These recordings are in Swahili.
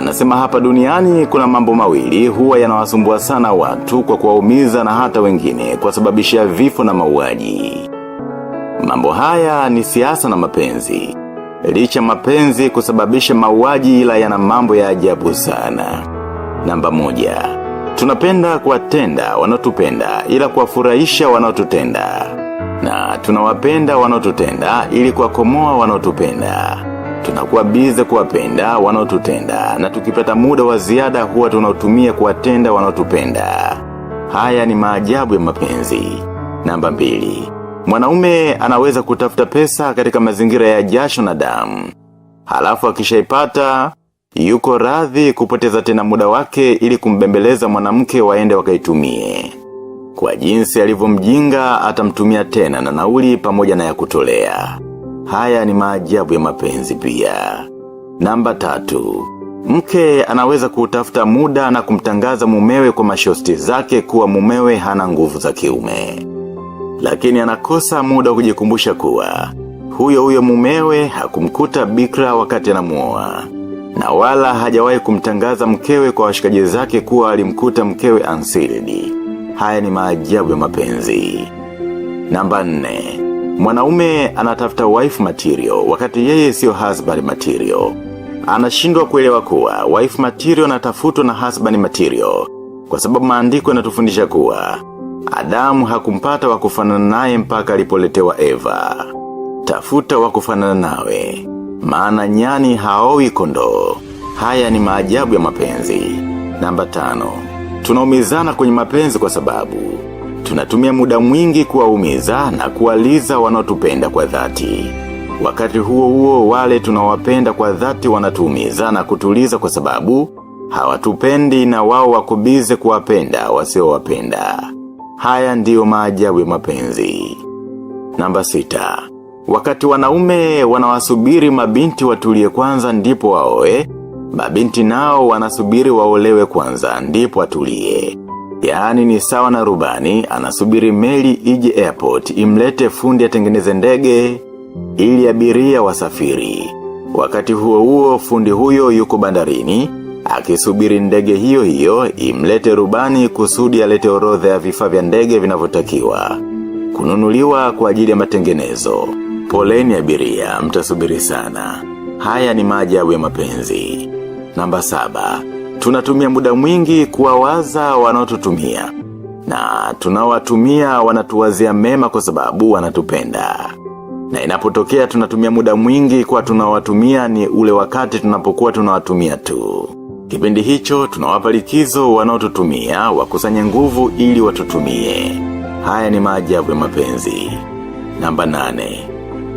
Anasema hapa duniani kuna mambo mawili huwa yanawasumbua sana watu kwa kuwaumiza na hata wengine kwa sababisha vifo na mauaji. Mambo haya ni siasa na mapenzi. Licha mapenzi kusababisha mauaji ila yana mambo ya ajabu sana. Namba moja, tunapenda kuwatenda wanaotupenda ila kuwafurahisha wanaotutenda na tunawapenda wanaotutenda ili kuwakomoa wanaotupenda. Tunakuwa bize kuwapenda wanaotutenda na tukipata muda wa ziada huwa tunautumia kuwatenda wanaotupenda. Haya ni maajabu ya mapenzi. Namba mbili. Mwanaume anaweza kutafuta pesa katika mazingira ya jasho na damu. Halafu akishaipata yuko radhi kupoteza tena muda wake ili kumbembeleza mwanamke waende wakaitumie. Kwa jinsi alivyomjinga atamtumia tena na nauli pamoja na ya kutolea. Haya ni maajabu ya mapenzi pia. Namba tatu. Mke anaweza kutafuta muda na kumtangaza mumewe kwa mashosti zake kuwa mumewe hana nguvu za kiume. Lakini anakosa muda wa kujikumbusha kuwa. Huyo huyo mumewe hakumkuta bikra wakati anamuoa Na wala hajawahi kumtangaza mkewe kwa washikaji zake kuwa alimkuta mkewe ansiridi. Haya ni maajabu ya mapenzi. Namba nne Mwanaume anatafuta wife material wakati yeye siyo husband material. Anashindwa kuelewa kuwa wife material natafutwa na husband material kwa sababu maandiko yanatufundisha kuwa Adamu hakumpata wa kufanana naye mpaka alipoletewa Eva. Tafuta wa kufanana nawe, maana nyani haowi kondoo. Haya ni maajabu ya mapenzi. Namba tano, tunaumizana kwenye mapenzi kwa sababu Tunatumia muda mwingi kuwaumiza na kuwaliza wanaotupenda kwa dhati. Wakati huo huo wale tunawapenda kwa dhati wanatuumiza na kutuliza kwa sababu hawatupendi na wao wakubize kuwapenda wasiowapenda. Haya ndiyo maajabu ya mapenzi. Namba sita. Wakati wanaume wanawasubiri mabinti watulie kwanza ndipo waoe, mabinti nao wanasubiri waolewe kwanza ndipo watulie. Yaani ni sawa na rubani, anasubiri meli iji airport, imlete fundi atengeneze ndege, ili abiria wasafiri. Wakati huo huo, fundi huyo yuko bandarini, akisubiri ndege hiyo hiyo, imlete rubani kusudi alete orodha ya vifaa vya ndege vinavyotakiwa Kununuliwa kwa ajili ya matengenezo. Poleni abiria, mtasubiri sana. Haya ni maajabu ya mapenzi. Namba saba, Tunatumia muda mwingi kuwawaza wanaotutumia. Na tunawatumia wanatuwazia mema kwa sababu wanatupenda. Na inapotokea tunatumia muda mwingi kwa tunawatumia ni ule wakati tunapokuwa tunawatumia tu. Kipindi hicho tunawapa likizo wanaotutumia wakusanye nguvu ili watutumie. Haya ni maajabu ya mapenzi. Namba nane.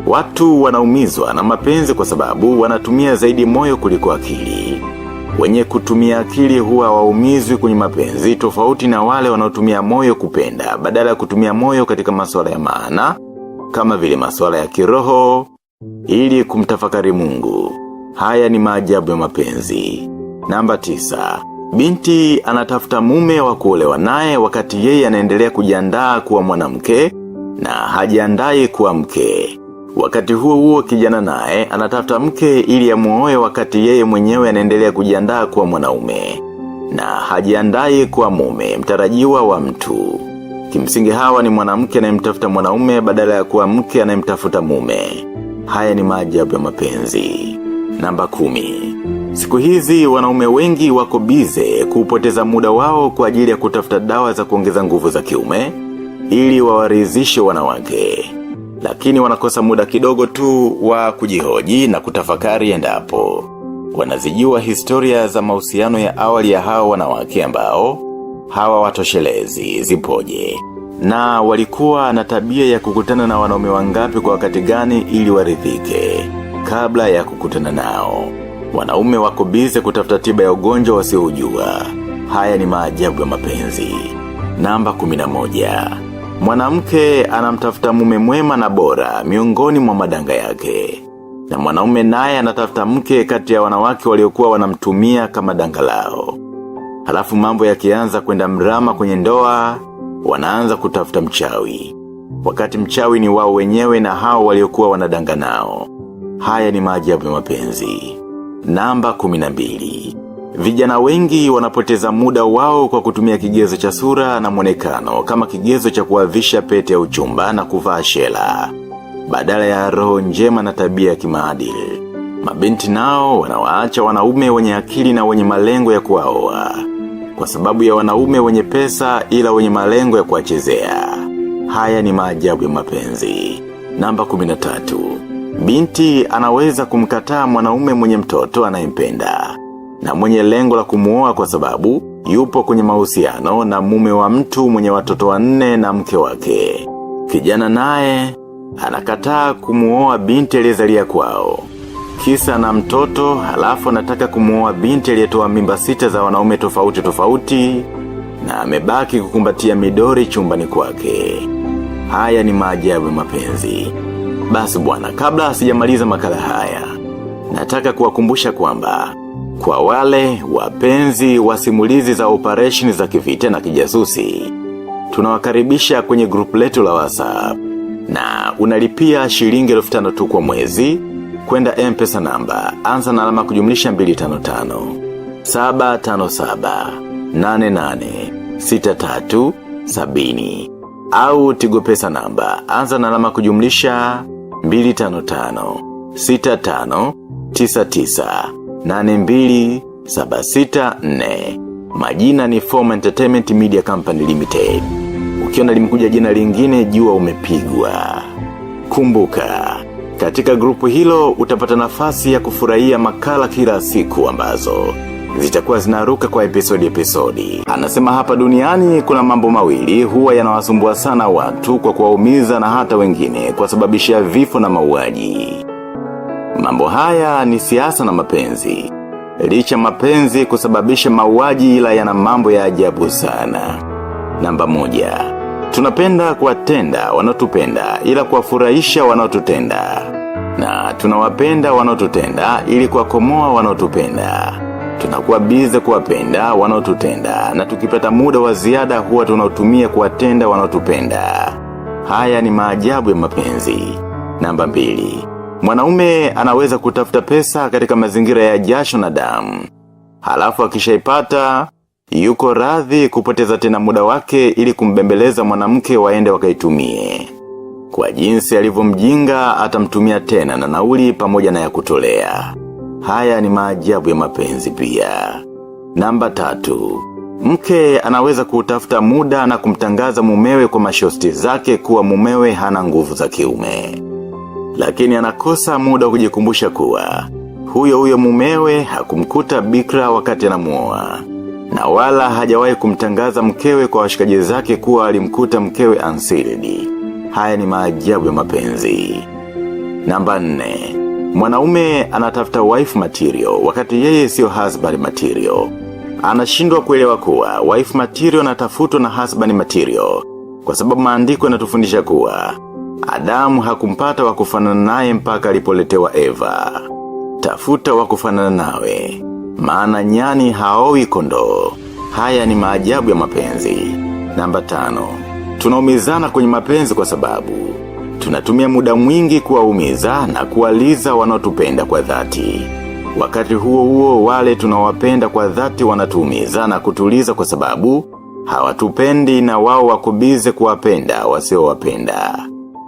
Watu wanaumizwa na mapenzi kwa sababu wanatumia zaidi moyo kuliko akili. Wenye kutumia akili huwa waumizwi kwenye mapenzi tofauti na wale wanaotumia moyo kupenda badala ya kutumia moyo katika masuala ya maana kama vile masuala ya kiroho ili kumtafakari Mungu. Haya ni maajabu ya mapenzi. Namba tisa, binti anatafuta mume wa kuolewa naye wakati yeye anaendelea kujiandaa kuwa mwanamke na hajiandai kuwa mke. Wakati huo huo kijana naye anatafuta mke ili amuoe wakati yeye mwenyewe anaendelea kujiandaa kuwa mwanaume na hajiandai kuwa mume mtarajiwa wa mtu. Kimsingi hawa ni mwanamke anayemtafuta mwanaume badala ya kuwa mke anayemtafuta mume. Haya ni maajabu ya mapenzi. Namba kumi. Siku hizi wanaume wengi wako bize kupoteza muda wao kwa ajili ya kutafuta dawa za kuongeza nguvu za kiume ili wawarizishe wanawake lakini wanakosa muda kidogo tu wa kujihoji na kutafakari endapo. Wanazijua historia za mahusiano ya awali ya hawa wanawake ambao, hawa watoshelezi zipoje. Na walikuwa na tabia ya kukutana na wanaume wangapi kwa wakati gani ili waridhike, kabla ya kukutana nao. Wanaume wako bize kutafuta tiba ya ugonjwa wasiojua. Haya ni maajabu ya mapenzi. Namba 11. Mwanamke anamtafuta mume mwema na bora miongoni mwa madanga yake. Na mwanaume naye anatafuta mke kati ya wanawake waliokuwa wanamtumia kama danga lao. Halafu mambo yakianza kwenda mrama kwenye ndoa, wanaanza kutafuta mchawi. Wakati mchawi ni wao wenyewe na hao waliokuwa wanadanga nao. Haya ni maajabu ya mapenzi. Namba 12. Vijana wengi wanapoteza muda wao kwa kutumia kigezo cha sura na mwonekano kama kigezo cha kuwavisha pete ya uchumba na kuvaa shela. Badala ya roho njema na tabia ya kimaadili. Mabinti nao wanawaacha wanaume wenye akili na wenye malengo ya kuwaoa. Kwa sababu ya wanaume wenye pesa ila wenye malengo ya kuwachezea. Haya ni maajabu ya mapenzi. Namba 13. Binti anaweza kumkataa mwanaume mwenye mtoto anayempenda na mwenye lengo la kumuoa kwa sababu yupo kwenye mahusiano na mume wa mtu mwenye watoto wanne na mke wake. Kijana naye anakataa kumuoa binti aliyezalia kwao. Kisa na mtoto halafu anataka kumuoa binti aliyetoa mimba sita za wanaume tofauti tofauti na amebaki kukumbatia midori chumbani kwake. Haya ni maajabu ya mapenzi. Basi bwana, kabla sijamaliza makala haya, nataka kuwakumbusha kwamba kwa wale wapenzi wa simulizi za operation za kivita na kijasusi. Tunawakaribisha kwenye group letu la WhatsApp na unalipia shilingi elfu tu kwa mwezi kwenda mpesa namba anza na alama kujumlisha 255 757 88 63 70 au tigo pesa namba anza na alama kujumlisha 255 65 99 82764. Majina ni Form Entertainment Media Company Limited. Ukiona limekuja jina lingine jua umepigwa. Kumbuka, katika grupu hilo utapata nafasi ya kufurahia makala kila siku ambazo zitakuwa zinaruka kwa episodi episodi. Anasema hapa duniani kuna mambo mawili huwa yanawasumbua sana watu kwa kuwaumiza na hata wengine kwa sababisha vifo na mauaji. Mambo haya ni siasa na mapenzi. Licha mapenzi kusababisha mauaji ila yana mambo ya ajabu sana. Namba moja, tunapenda kuwatenda wanaotupenda ila kuwafurahisha wanaotutenda. Na tunawapenda wanaotutenda ili kuwakomoa wanaotupenda. Tunakuwa bize kuwapenda wanaotutenda na tukipata muda wa ziada huwa tunautumia kuwatenda wanaotupenda. Haya ni maajabu ya mapenzi. Namba mbili, Mwanaume anaweza kutafuta pesa katika mazingira ya jasho na damu. Halafu akishaipata yuko radhi kupoteza tena muda wake ili kumbembeleza mwanamke waende wakaitumie. Kwa jinsi alivyomjinga atamtumia tena na nauli pamoja na ya kutolea. Haya ni maajabu ya mapenzi pia. Namba tatu. Mke anaweza kutafuta muda na kumtangaza mumewe kwa mashosti zake kuwa mumewe hana nguvu za kiume lakini anakosa muda wa kujikumbusha kuwa. Huyo huyo mumewe hakumkuta bikra wakati anamuoa na wala hajawahi kumtangaza mkewe kwa washikaji zake kuwa alimkuta mkewe ansiridi. Haya ni maajabu ya mapenzi. Namba nne, mwanaume anatafuta wife material wakati yeye sio husband material. Anashindwa kuelewa kuwa wife material anatafutwa na husband material kwa sababu maandiko yanatufundisha kuwa Adamu hakumpata wakufanana naye mpaka alipoletewa Eva. Tafuta wakufanana nawe, maana nyani haoi kondoo. Haya ni maajabu ya mapenzi. Namba tano, tunaumizana kwenye mapenzi kwa sababu. Tunatumia muda mwingi kuwaumiza na kuwaliza wanaotupenda kwa dhati. Wakati huo huo wale tunawapenda kwa dhati wanatuumiza na kutuliza kwa sababu, hawatupendi na wao wakubize kuwapenda wasiowapenda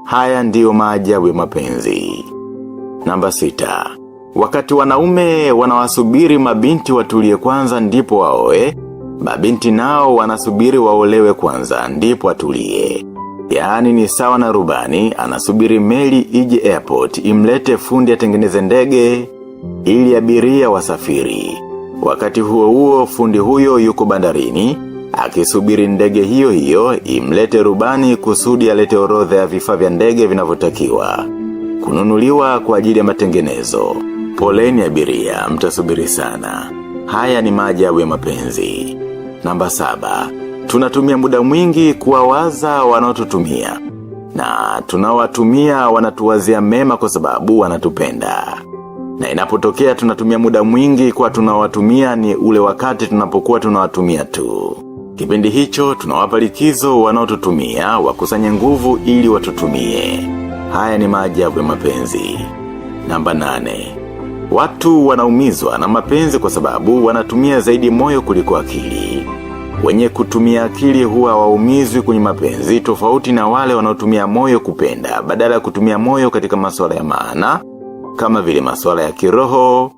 Haya ndiyo maajabu ya mapenzi. Namba sita. Wakati wanaume wanawasubiri mabinti watulie kwanza ndipo waoe, mabinti nao wanasubiri waolewe kwanza ndipo watulie. Yaani ni sawa na rubani, anasubiri meli iji airport, imlete fundi tengeneze ndege, ili abiria wasafiri. Wakati huo huo, fundi huyo yuko bandarini, akisubiri ndege hiyo hiyo imlete rubani kusudi alete orodha ya vifaa vya ndege vinavyotakiwa Kununuliwa kwa ajili ya matengenezo. Poleni abiria, mtasubiri sana. Haya ni maajabu ya mapenzi. Namba saba, tunatumia muda mwingi kuwawaza wanaotutumia. Na tunawatumia wanatuwazia mema kwa sababu wanatupenda. Na inapotokea tunatumia muda mwingi kwa tunawatumia ni ule wakati tunapokuwa tunawatumia tu. Kipindi hicho tunawapa likizo wanaotutumia wakusanye nguvu ili watutumie. Haya ni maajabu ya mapenzi. Namba nane. Watu wanaumizwa na mapenzi kwa sababu wanatumia zaidi moyo kuliko akili. Wenye kutumia akili huwa waumizwi kwenye mapenzi tofauti na wale wanaotumia moyo kupenda badala kutumia moyo katika masuala ya maana kama vile masuala ya kiroho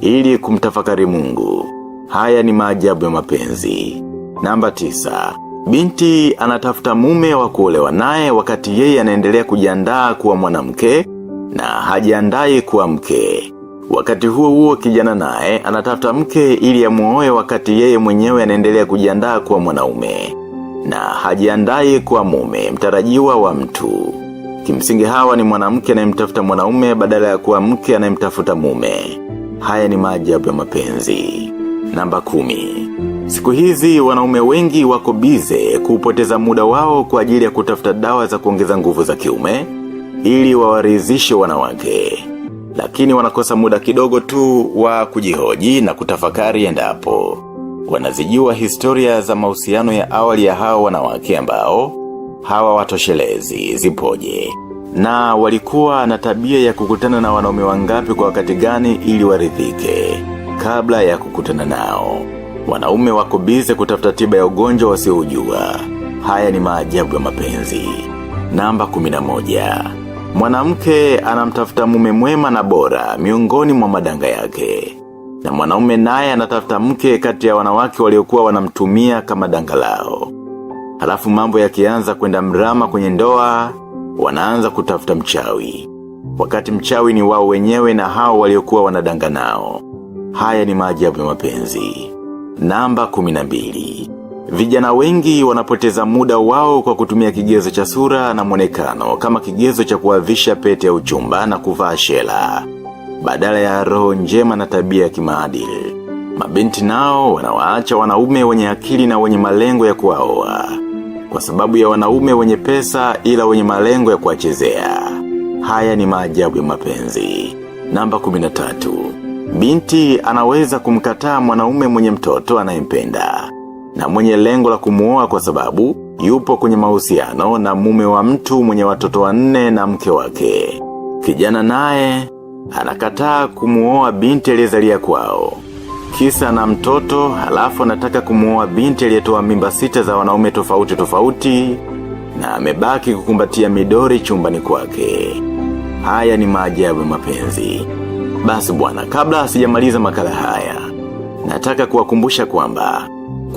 ili kumtafakari Mungu. Haya ni maajabu ya mapenzi. Namba tisa, binti anatafuta mume wa kuolewa naye wakati yeye anaendelea kujiandaa kuwa mwanamke na hajiandai kuwa mke. Wakati huo huo kijana naye anatafuta mke ili amuoe wakati yeye mwenyewe anaendelea kujiandaa kuwa mwanaume na hajiandai kuwa mume mtarajiwa wa mtu. Kimsingi hawa ni mwanamke anayemtafuta mwanaume badala ya kuwa mke anayemtafuta mume. Haya ni maajabu ya mapenzi. Namba kumi. Siku hizi wanaume wengi wako bize kupoteza muda wao kwa ajili ya kutafuta dawa za kuongeza nguvu za kiume, ili wawaridhishe wanawake. Lakini wanakosa muda kidogo tu wa kujihoji na kutafakari endapo. Wanazijua historia za mahusiano ya awali ya hao wanawake ambao, hawa watoshelezi zipoje. Na walikuwa na tabia ya kukutana na wanaume wangapi kwa wakati gani ili waridhike kabla ya kukutana nao. Wanaume wako bize kutafuta tiba ya ugonjwa wasioujua. Haya ni maajabu ya mapenzi. Namba 11. Mwanamke anamtafuta mume mwema na bora miongoni mwa madanga yake. Na mwanaume naye anatafuta mke kati ya wanawake waliokuwa wanamtumia kama danga lao. Halafu mambo yakianza kwenda mrama kwenye ndoa, wanaanza kutafuta mchawi. Wakati mchawi ni wao wenyewe na hao waliokuwa wanadanga nao. Haya ni maajabu ya mapenzi. Namba kuminambili. Vijana wengi wanapoteza muda wao kwa kutumia kigezo cha sura na mwonekano kama kigezo cha kuwavisha pete ya uchumba na kuvaa shela. Badala ya roho njema na tabia ya kimaadili. Mabinti nao wanawaacha wanaume wenye akili na wenye malengo ya kuwaoa. Kwa sababu ya wanaume wenye pesa ila wenye malengo ya kuwachezea. Haya ni maajabu ya mapenzi. Namba 13. Binti anaweza kumkataa mwanaume mwenye mtoto anayempenda na mwenye lengo la kumuoa kwa sababu yupo kwenye mahusiano na mume wa mtu mwenye watoto wanne na mke wake. Kijana naye anakataa kumuoa binti aliyezalia kwao. Kisa na mtoto halafu anataka kumuoa binti aliyetoa mimba sita za wanaume tofauti tofauti na amebaki kukumbatia midori chumbani kwake. Haya ni maajabu ya mapenzi. Basi bwana, kabla sijamaliza makala haya, nataka kuwakumbusha kwamba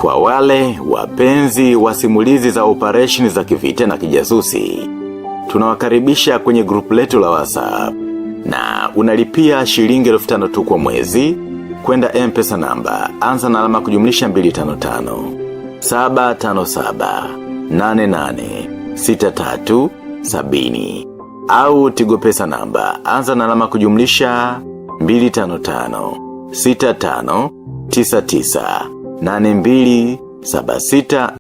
kwa wale wapenzi wa simulizi za operation za kivita na kijasusi, tunawakaribisha kwenye grupu letu la WhatsApp na unalipia shilingi elfu tu kwa mwezi kwenda mpesa namba anza na alama kujumlisha 255 757 88 63 70 au tigo pesa namba anza na alama kujumlisha mbili tano tano, sita tano, tisa tisa, nane mbili, saba sita,